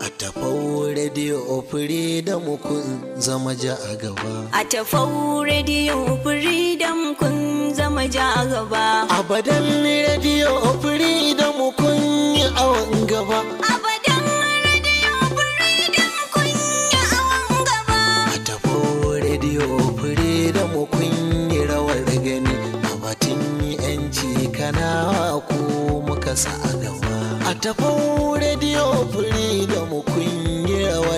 A tafau rediyo fure da mukun zama ja a gaba. A tafau rediyo fure da mukun zama ja a gaba. A badal rediyo fure da mukun yi awon gaba.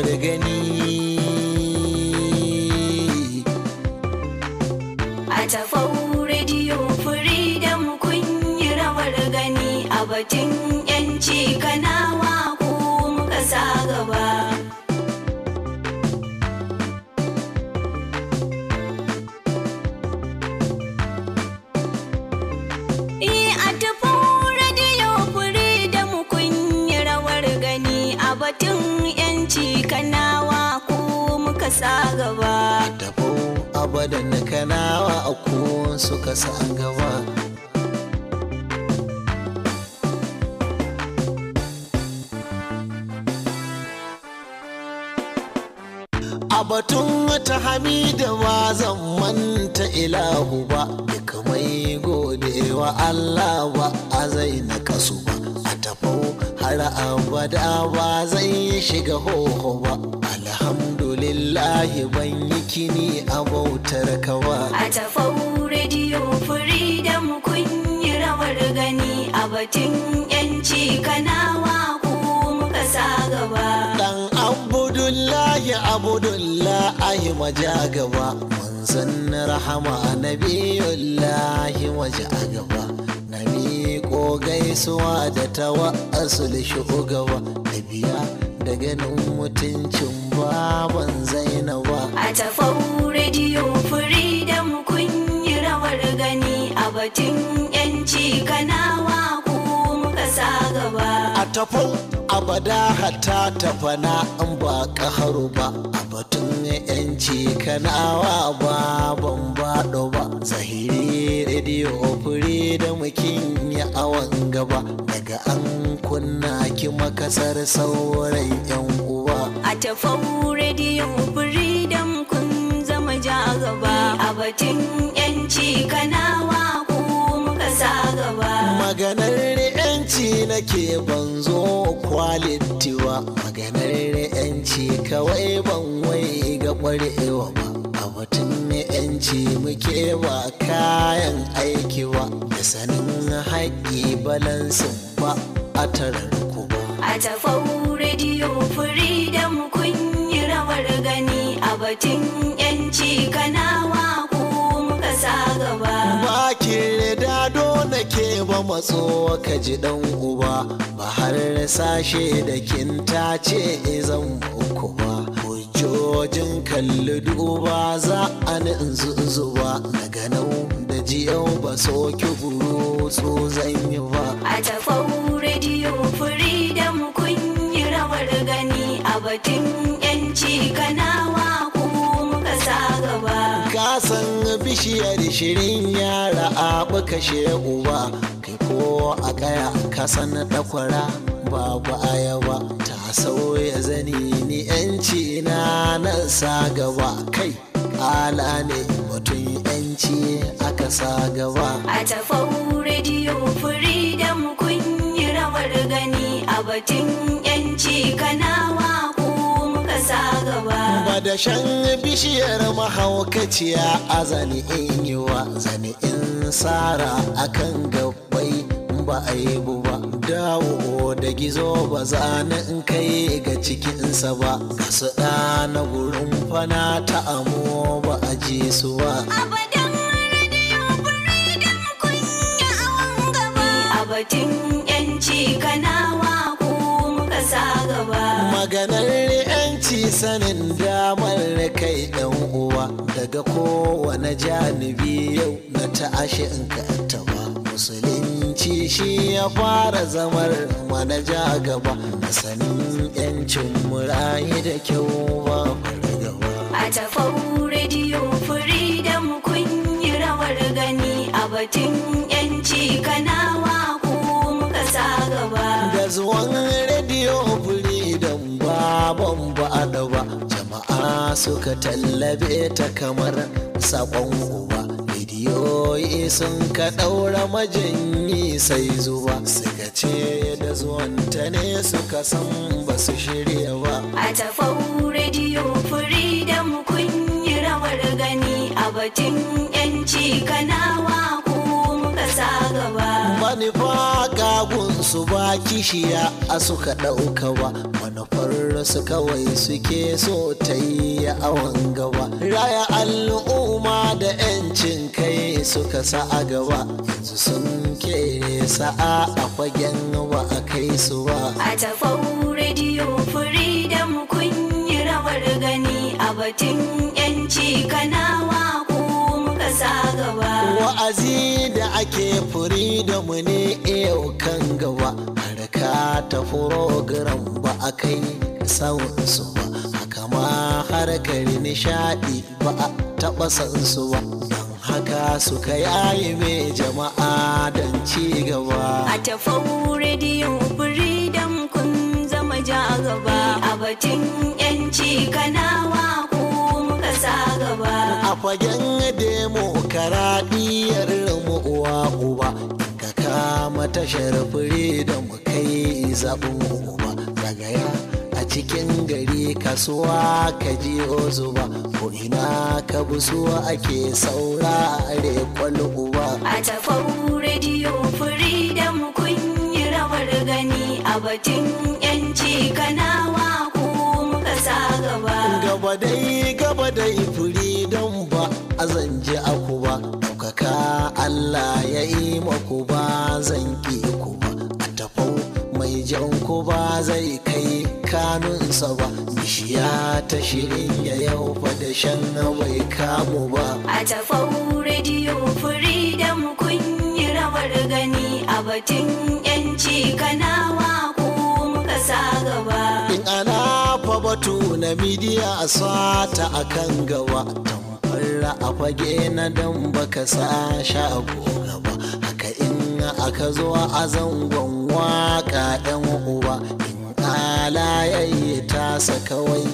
gani a tafau rediyo freedom kun yi rawar gani a batun yanci kanawa ko muka sa gaba ci kanawa ku muka sa gaba dabo abadan na kanawa a ku suka sa gaba a batun wata hamida ba zan manta ilahu ba da kamai godewa Allah ba a zai na kasu ba tafo har abada ba zai shiga hoho ba alhamdulillahi ban yi kini a bautar ka a tafau rediyo furi kun yi rawar gani a batun yanci kanawa ku muka sa gaba dan abudullahi abudullahi maja gaba mun san rahama nabiyullahi maja gaba nabi ko gaisuwa da tawa asali shugaba da biya da ganin mutuncin baban zainaba a tafau rediyo freedom kun yi rawar gani a batun yanci kanawa ku muka sa gaba a tafau abada hata tafana an ba kaharu ba a batun yanci kanawa baban awon gaba daga an kunna ki makasar sauran yan uwa a tafau rediyo freedom kun zama ja gaba a batun yanci kanawa ku muka sa gaba maganar yanci nake ban zo kwaliti ba maganar yanci kawai ban wai ga kwarewa ba a batun zance muke wa kayan aiki wa da sanin haƙƙi balansin ba a tarar ku ba. A tafau rediyo freedom kun yi rawar gani a batun yanci kanawa ku muka sa gaba. Ba ki dado na ke ba matso ka ji dan uba ba har sashe da kin tace zan uku ba. to wajen kalli duba za a ni in zuzuba daga ganau da jiyau ba soki buru so zan yi ba a tafau radio furi kun yi rawar gani a batun yanci kanawa ku muka sa gaba ka san bishiyar shirin yara a baka uba kai ko a kaya ka san dakwara babu ayaba ta sauya zani ni yanci na nan sa gaba kai ala ne mutum yanci aka sa gaba a tafau rediyo freedom kun yi rawar gani a batun yanci kanawa ba da shan bishiyar mahaukaciya a zani in yi wa zani in sara akan gaba ba a yi bu ba dawo da gizo ba zanen in kai ga cikinsa ba su na gurin fana ta amu ba a ji su ba yanci maganar yanci sanin damar kai dan uwa daga kowane janibi yau na ta ashe in ka musulmi yanci shi ya fara zamar mana ja gaba a sanin yancin murayi da kyau ba gaba. A tafau rediyo freedom kun yi rawar gani a batun yanci kanawa ku muka sa gaba. Da zuwan rediyo freedom ba baban ba a jama'a suka tallabe ta kamar sabon uba. igiyoyi sun ka ɗaura majanyi sai zuwa suka ce da zuwanta ne suka san ba su shirya ba a tafau rediyo furi da kun yi rawar gani a batun yanci kanawa ku muka sa gaba manufa gagun su ba kishiya a suka ɗauka ba manufar su kawai suke so ta yi awon gaba raya al'umma da cin kai suka sa a gaba yanzu sun kere sa'a a fagen wa a kai su ba a tafau rediyo freedom kun yi rawar gani a batun 'yanci kanawa ko muka sa gaba wa'azi da ake freedom ne yau kan gaba harka ta program ba a kai sauransu ba haka ma harkar nishadi ba a taɓa sansu ba kasu suka yayi mai jama'a don ci gaba. A tafau rediyo freedom kun zama ja gaba a batun 'yanci kanawa ku muka sa gaba. A fagen demokaraɗiyar mu uwa uba ka kama tashar freedom kai zaɓin uba zagaya. cikin gari kasuwa ka ji zuba ko ina ka busuwa ake saura are uba. a tafau rediyo freedom kun yi rawar gani a batun yanci kanawa ku muka sa gaba gaba dai gaba dai freedom ba a zanje aku ba ɗaukaka allah ya yi maku ba zan ki ku ba a tafau mai jan ku ba zai kai kanunsa ba bishiya ta shirin ya yau fa da shan bai kamu ba a tafau rediyo freedom kun yi rawar gani a batun yanci kanawa ko muka sa gaba in ana fa batu na midiya a sata kan gaba tamfar a fage na dan baka sa sha gaba haka in aka zo a zangon waka dan uba ta sa kawai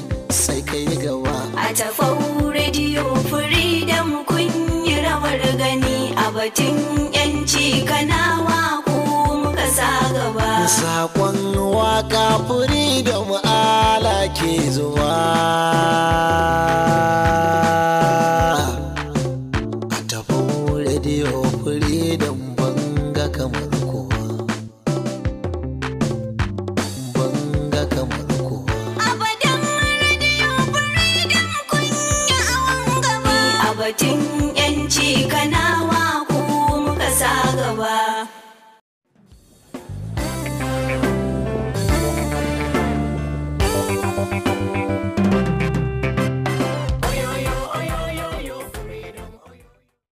sai ka yi gaba a tafau rediyo freedom kun yi rawar gani a batun yanci kanawa ku muka sa gaba saƙon waka freedom ala ke zuwa musulunci kanawa ku muka sa gaba